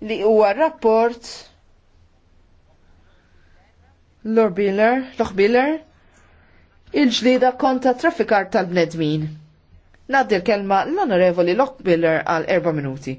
li huwa rapport l Lochbiller, il-ġlida konta traffikar tal-bnedmin. Naddi l-kelma l-onorevoli Lochbiller għal erba' minuti.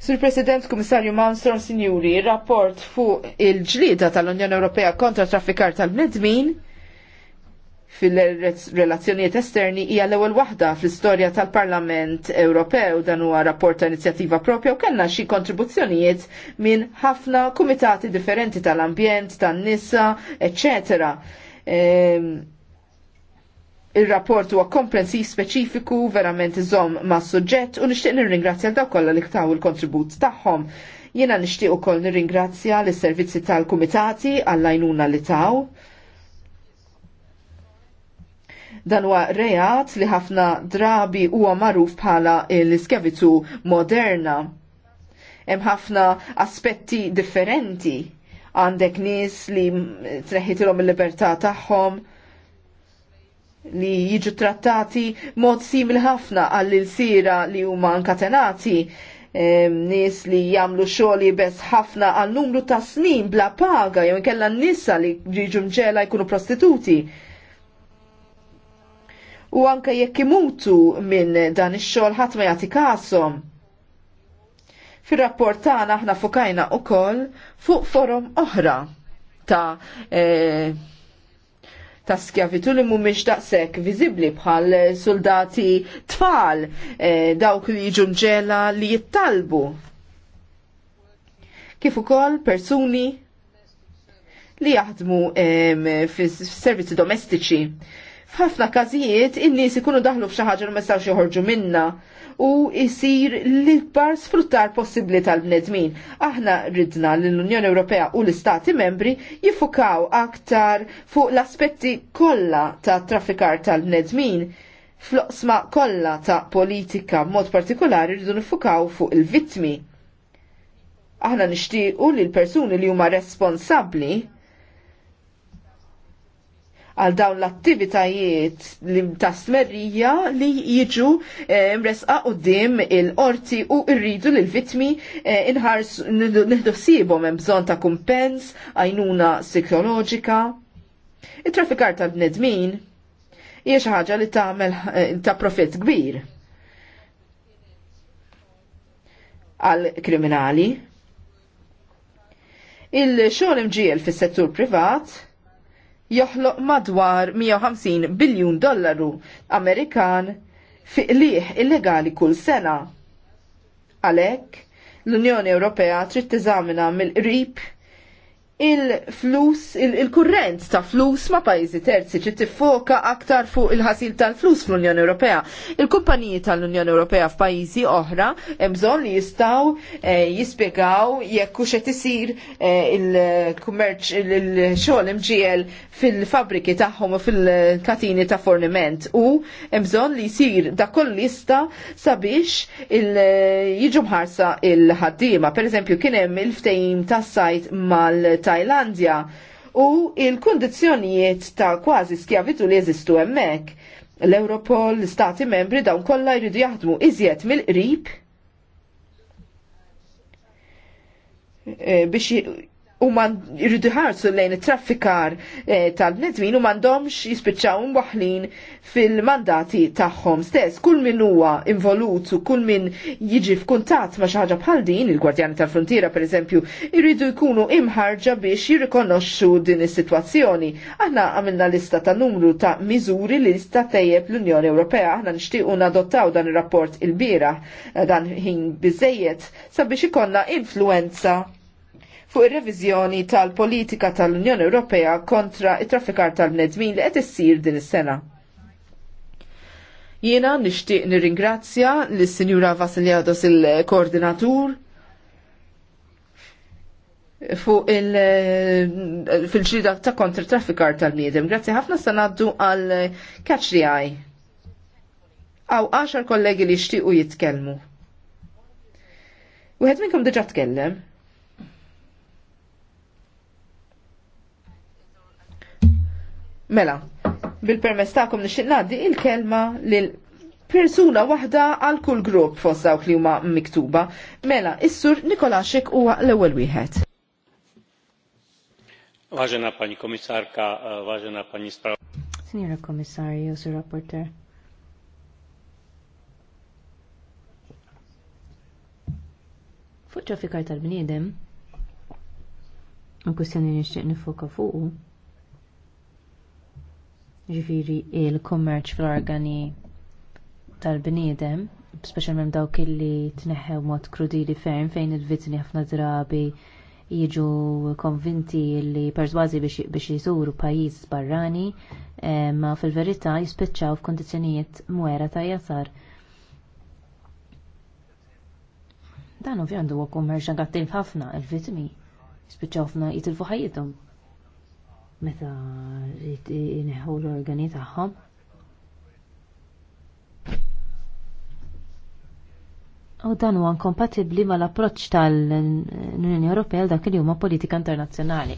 Sur President Komissarju Malmstrom Sinjuri, rapport fuq il-ġlida tal-Unjoni Ewropea kontra traffikar tal-bnedmin fil-relazzjonijiet esterni hija l-ewwel waħda fl-istorja tal-Parlament Ewropew dan huwa rapport ta' inizjattiva propja u kellna xi kontribuzzjonijiet minn ħafna kumitati differenti tal-ambjent, tan-nisa, etc. Ehm, Il-rapport huwa komprensiv speċifiku, verament iżomm ma' suġġett u nixtieq nirringrazzja l kollha li ktaw il-kontribut tagħhom. Jiena nixtieq ukoll nirringrazzja l-servizzi tal-kumitati għall-għajnuna li taw Dan huwa reat li ħafna drabi huwa magħruf bħala l iskevitu moderna. Hemm ħafna aspetti differenti għandek nies li treħitilhom il-libertà tagħhom li jiġu trattati mod simil ħafna għall-sira li huma nkatenati nis li jamlu xoli bes ħafna għal numru ta' snin bla paga jew kella n-nisa li jiġu mġela jkunu prostituti u anke jekk imutu minn dan ix-xogħol ħadd ma jagħti kasom. Fir-rapport tagħna aħna fukajna wkoll fuq forum oħra ta' eh, ta' skjavitu li mhumiex daqshekk viżibbli bħal soldati tfal eh, dawk li jiġu mġela li jittalbu. Kif ukoll persuni li jaħdmu eh, fis-servizzi domestiċi F'ħafna każijiet in-nies ikunu daħlu f'xi ħaġa li ma jistgħux joħorġu minnha u jsir l-ikbar sfruttar possibbli tal-bnedmin. Aħna ridna l-Unjoni Ewropea u l-Istati membri jiffukaw aktar fuq l-aspetti kollha ta' traffikar tal-bnedmin fl-oqsma kollha ta' politika mod partikolari rridu nifukaw fuq il-vittmi aħna nixtiequ li l-persuni li huma responsabbli għal dawn l-attivitajiet li smerrija li jiġu eh, mresqa u dim il-qorti u rridu l-vitmi eh, inħars nħdu sibom bżon ta' kumpens, għajnuna psikoloġika. Il-traffikar tal-bnedmin hija xi ħaġa li tagħmel eh, ta' profitt kbir għal kriminali. Il-xogħol imġiel fis-settur privat joħloq madwar 150 biljun dollaru Amerikan fi liħ illegali kull sena. Għalek, l-Unjoni Ewropea trid tiżamina mill-qrib il-flus, il-kurrent ta' flus ma' pajizi terzi ċi tiffoka aktar fuq il-ħasil tal-flus fl-Unjoni Ewropea. Il-kumpaniji tal-Unjoni Ewropea f'pajjiżi oħra bżonn li jistgħu eh, jispjegaw jekk hux qed isir eh, il-kummerċ il-xogħol imġiel fil-fabriki tagħhom u fil-katini ta' forniment u hemm li jsir da koll lista sabiex jiġu mħarsa il-ħaddiema. Pereżempju kien hemm il-ftehim tas-sajt mal-ta' tajlandja u il-kondizjonijiet ta' kważi skjavitu li jeżistu hemmhekk. L-Europol, l-Stati membri dawn kollha jridu jaħdmu iżjed mill-qrib eh, biex u man irridu ħarsu lejn it-traffikar eh, tal-bnedmin u mandomx jispiċċaw mwaħlin fil-mandati tagħhom stess. Kull min huwa involut u kull min jiġi f'kuntatt ma' xi ħaġa bħal din, il-Gwardjani tal-Frontiera pereżempju, irridu jkunu imħarġa biex jirrikonoxxu din is-sitwazzjoni. Aħna għamilna lista ta' numru ta' miżuri li lista tejjeb l-Unjoni Ewropea. Aħna nixtiequ nadottaw dan ir-rapport il bira eh, dan ħin biżejjed sabiex ikonna influenza fuq ir-reviżjoni tal-politika tal-Unjoni Ewropea kontra it-traffikar tal-bnedmin li qed issir din is-sena. Jiena nixtieq nirringrazzja lis-Sinjura Vasiliados il-Koordinatur fuq il- fil-ġrida ta' kontra traffikar tal-bniedem. Grazzi ħafna sanaddu għal catch the eye. Għaw 10 kollegi li xtiqu jitkelmu. Wieħed minnkom diġa tkellem. Mela, bil-permess ta'kom nixtieq ngħaddi il-kelma lil persuna waħda għal kull grupp fost dawk li huma miktuba. Mela, is-sur Nikolaxek huwa l-ewwel wieħed. Vaġena pani komisarka, vaġena pani spraw. Signora Komissarju, sur rapporter. Fuċċa ġafikar tal-bniedem, u kustjoni nixtieq nifoka fuqu, ġifiri il-kummerċ fl-organi tal-bniedem, specialment dawk illi tneħħew mod krudili ferm fejn il-vittni ħafna drabi jiġu konvinti li perżwazi biex jizuru pajjiż barrani, eh, ma fil-verità jispiċċaw f'kondizzjonijiet mwera ta' jasar. Dan ovvju għandu kummerċ negattiv ħafna, il-vittmi jispiċċaw f'na jitilfu ħajjithom meta rrid ineħħu l-organi tagħhom. U dan huwa inkompatibbli mal-approċċ tal-Unjoni Ewropea dak li huma politika internazzjonali.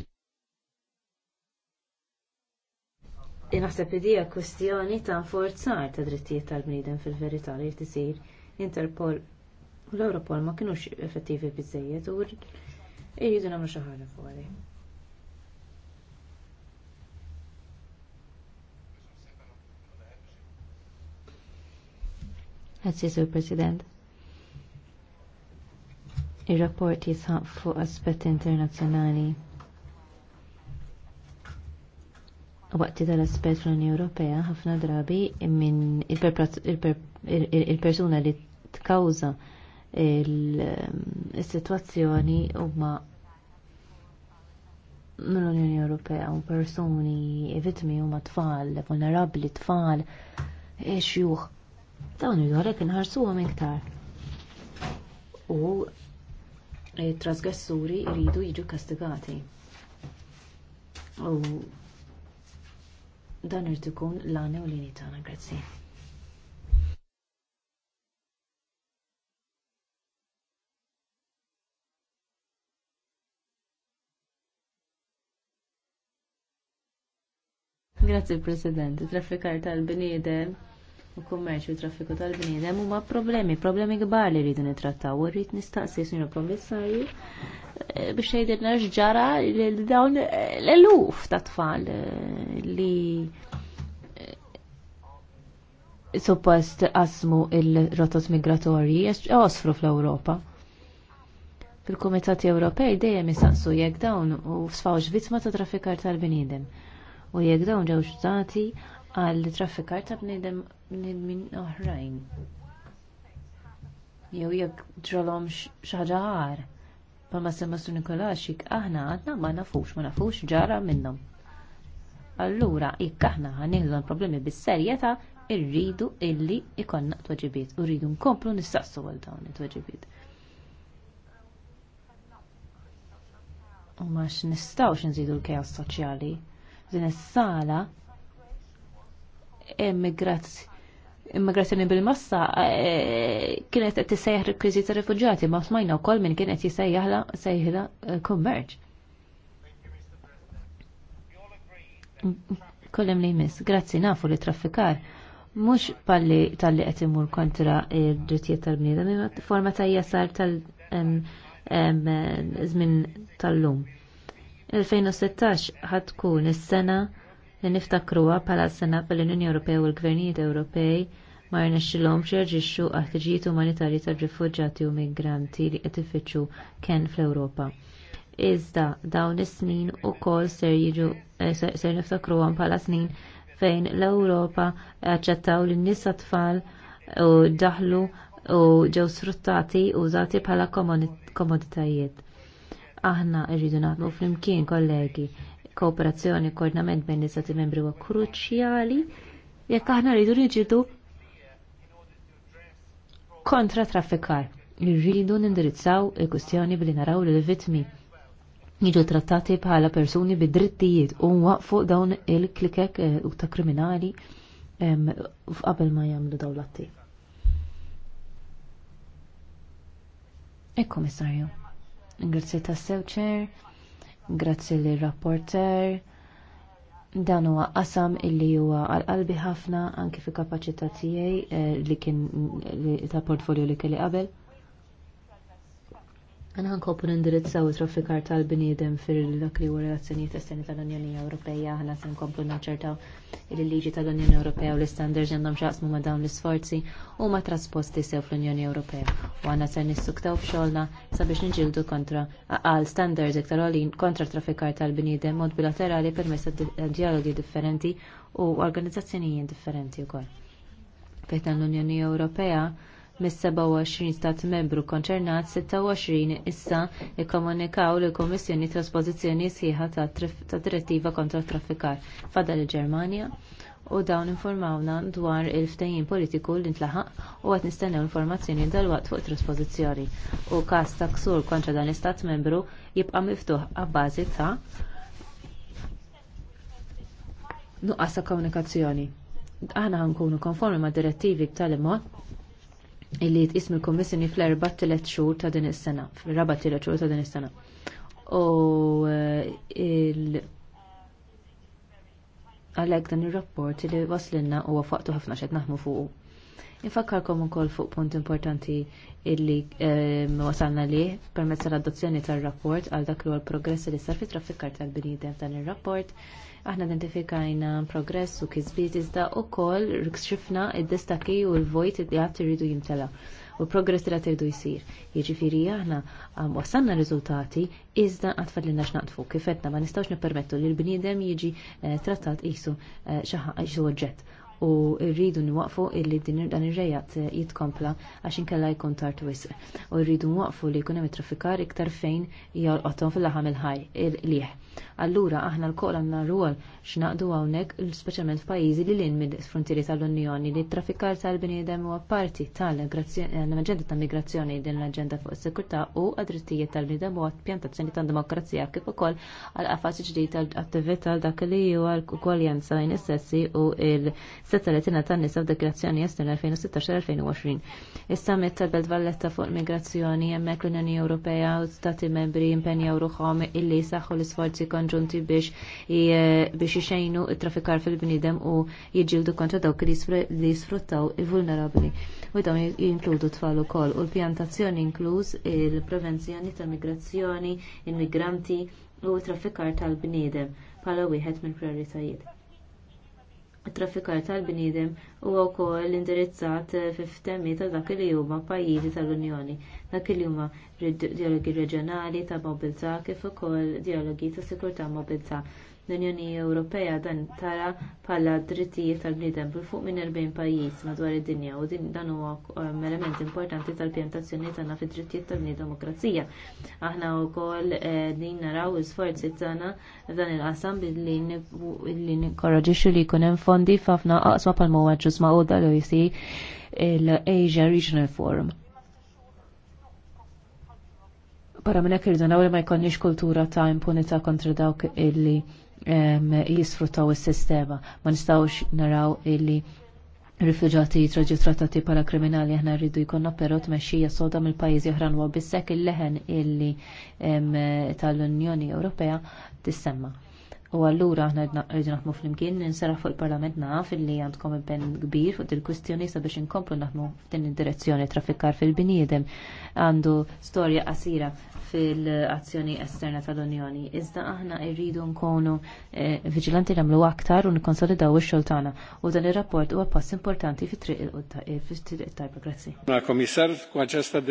Inaħseb li dija kwestjoni ta' forzar ta' drittijiet tal-bniedem fil-verità li tisir Interpol u l-Europol ma kienux effettivi biżejjed u irridu nagħmlu xi ħaġa fuq Grazie Sur President. Ir-rapport jisħaq fuq aspetti internazzjonali. Waqti tal-aspet fl-Unjoni Ewropea ħafna drabi minn il-persuna li tkawża il-situazzjoni huma mill-Unjoni Ewropea u persuni vittmi huma tfal, vulnerabbli tfal, e xjuħ. E Dawn idu għalhekk inħarsuhom iktar. U trasgressuri jridu jiġu kastigati. U dan irid ikun l-għane u l tagħna, grazzi. Grazie President, traffikar tal-bniedem u kummerċ u traffiku tal-bniedem huma problemi, problemi kbar li rridu nittrattaw u rrid nistaqsi sinu komissarju eh, biex jgħidilna x'ġara lil dawn l-eluf ta' tfal eh, li eh, suppost qasmu il-rotot migratorji osfru fl-Ewropa. Fil-Kumitati Ewropej dejjem jistaqsu jekk dawn u sfawx vittma ta' traffikar tal-bniedem u jekk dawn ġewx użati għal traffikar ta' bnedem minn oħrajn. Jew jekk ġralhom xi ħaġa ħar. Palma semma Su Nikolaxik aħna għadna ma nafux, ma nafux ġara minnhom. Allura jekk aħna ħanieħdu l-problemi bis-serjetà, irridu illi ikonna tweġibiet u rridu nkomplu nistassu għal dawn it wagġibiet U maċ nistgħux nżidu l kajas soċjali. Din is-sala immigrazzjoni bil-massa eh, kienet qed tissejjaħ rekwiżit ta' rifuġjati ma smajna wkoll min kien qed jissejjaħla sejħla eh, kummerġ. Kollem li jmiss, grazzi nafu li traffikar mhux palli tal-li qed imur kontra id drittijiet tal-bniedem, imma forma ta' jasar tal-żmien tal-lum. 2016 tkun is-sena li niftakruha bħala sena fil-Unjoni Ewropea u l-Gvernijiet Ewropej ma rnexxilhom xerġixxu għaħtiġijiet umanitarji tar-rifuġġati u migranti li qed ifittxu kien fl-Ewropa. Iżda dawn is-snin ukoll ser jiġu eh, ser niftakruhom bħala snin fejn l-Ewropa aċċettaw lin nies tfal eh, u daħlu u ġew sfruttati u użati bħala komoditajiet. Aħna rridu nagħmlu flimkien kollegi kooperazzjoni u koordinament bejn l-istati membri huwa kruċjali jekk aħna rridu niġidu kontra traffikar. Irridu nindirizzaw il-kustjoni billi naraw l vittmi jiġu trattati bħala persuni bid-drittijiet u waqfu dawn il-klikek eh, u ta' kriminali f'qabel ma jagħmlu dawn l-atti. Ekku, Missarju. Ingrazzi ta' sewċer. Grazzi li rapporter dan huwa qasam illi huwa għal-qalbi ħafna anke fi kapaċità tiegħi eh, li kien eh, ta' portfolio li kelli qabel. Għana ħankopru nindirizzaw traffikar tal-bniedem fil-dak li wara seni esteni tal-Unjoni Ewropea, għana se nkomplu naċċertaw il-liġi tal-Unjoni Ewropea u l-istandards għandhom xaqsmu ma' dawn l-isforzi u ma' trasposti sew fl-Unjoni Ewropea. U għana se nissuktaw f'xolna sabiex nġildu kontra għal standards iktar għalin kontra traffikar tal-bniedem mod bilaterali permessa dialogi differenti u organizzazzjonijiet differenti wkoll. Fejtan l-Unjoni Ewropea mis-27 stat membru konċernat 26 issa ikkomunikaw lill kummissjoni trasposizzjoni sħiħa ta' direttiva kontra t traffikar fadal il-Ġermanja u dawn informawna dwar il-ftehim politiku li ntlaħaq u għat nistennew informazzjoni dal-waqt fuq traspożizzjoni u każ ta' ksur kontra dan l-istat membru jibqa' miftuħ għabbażi ta' nuqqas ta' komunikazzjoni. Aħna nkunu konformi mad direttivi b'tali mod illi jitqism il-Kommissjoni fl-erba tielet xhur ta' din is-sena, fl-raba tielet xhur ta' din is-sena. U eh, il għalek dan ir-rapport li waslinna huwa faqtu ħafna xed naħmu fuq Nifakkarkom ukoll fuq punt importanti illi ehm, wasalna li permezz l-adozzjoni tar-rapport għal dak li huwa l-progress li sar fi traffikar tal-bniedem dan ir-rapport. Aħna identifikajna progress u kisbiet iżda ukoll rikxifna id-distaki u l-vojt li għad irridu jimtela u progress li għad irridu jsir. Jiġifieri aħna ehm, wasalna riżultati iżda għatfad li Kif kifetna ma nistgħux nippermettu li l-bniedem jiġi eh, trattat qisu eh, xi oġġett u rridu nwaqfu illi din dan ir-rejat eh, jitkompla għax inkella jkun tard wisq. U rridu nwaqfu li jkun hemm traffikar iktar fejn jorqothom fil-laħam il-ħaj il-lieħ. Allura aħna l-kol għanna rwol x'naqdu hawnhekk speċjalment f'pajjiżi li lin mill-frontieri tal-Unjoni li traffikar tal-bniedem huwa parti tal-aġenda eh, ta' migrazzjoni din l-aġenda fuq is sekurtà u għad-drittijiet tal-bniedem u pjantazzjoni tad-demokrazija kif ukoll għal qafas ġdid tal-attività dak li huwa l-kwaljanza bejn is-sessi u l-settaletina tan-nisa f'deklarazzjoni estern 2016-2020. Is-summit tal-Belt Valletta fuq migrazzjoni hemmhekk l-Unjoni Ewropea u Stati Membri impenjaw ruħhom illi saħħu l-isforzi sforzi konġunti biex eh, biex ixejnu it-trafikar fil-bnidem u jiġildu kontra dawk li jisfruttaw il-vulnerabli. U dawn jinkludu tfal ukoll u l-pjantazzjoni inkluż il-prevenzjoni tal migrazzjoni, il-migranti u traffikar tal-bniedem bħala wieħed mill-prioritajiet traffikar tal-bniedem huwa wkoll indirizzat fi ta' dak li huma pajjiżi tal-Unjoni, dak li huma dialogi reġjonali ta' Mobilta kif ukoll dialogi ta' sikurtà mobilità. L-Unjoni Ewropea dan tara bħala drittijiet tal-bniedem bil fuq minn 40 pajjiż madwar id-dinja u din dan huwa element eh, importanti tal-pjantazzjoni tagħna fid-drittijiet tal Demokrazija. Aħna wkoll eh, din naraw l-isforzi tagħna f'dan il-qasam billi nikkoraġixxu li jkun hemm fondi f'ħafna qasma bħal huwa ġus ma' l-OEC l-Asia Regional Forum barra minn hekk irridu ma jkollniex kultura ta' impunità kontra dawk illi jisfruttaw is-sistema. Ma nistgħux naraw illi rifuġati jitraġi trattati bħala kriminali aħna rridu jkollna però tmexxija soda mill-pajjiżi oħran wa bissek il-leħen illi tal-Unjoni Ewropea tissemma. U allura aħna rridu naħdmu flimkien ninsara fuq il-Parlament naf illi għandkom il-ben kbir fuq il-kwistjoni sabiex inkomplu naħmu f'din id-direzzjoni traffikar fil-biniedem għandu storja qasira fil-azzjoni esterna tal-Unjoni. Iżda aħna irridu nkunu eh, viġilanti namlu aktar u nikkonsolidaw ix-xogħol tagħna u dan ir-rapport huwa pass importanti fit-triq il-tajba. Eh, Grazzi. Mela,